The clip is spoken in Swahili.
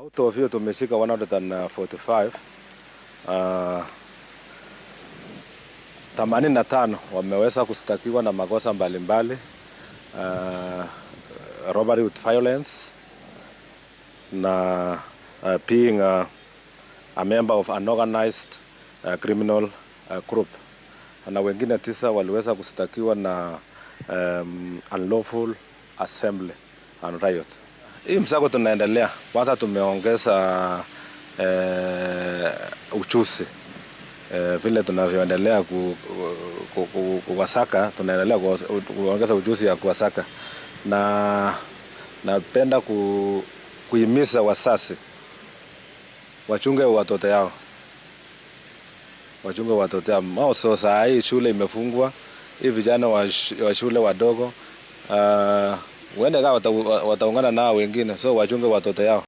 Out of hiyo tumeshika 145 uh, ah, tano wameweza kustakiwa na makosa mbalimbali mbali. Uh, robbery with violence na uh, being a, a member of an organized uh, criminal uh, group na wengine tisa waliweza kustakiwa na um, unlawful assembly and riot. Hii msako tunaendelea, kwanza tumeongeza e, uchusi e, vile tunavyoendelea ku, ku, ku, ku, tunaendelea kuongeza uchusi ya kuwasaka, na napenda ku, kuhimiza wasasi wachunge watoto yao, wachunge watoto yao. Mao sasa hii shule imefungwa, hii vijana wa shule wadogo uh, huenda ikawa wataungana nao wengine, so wachunge watoto yao.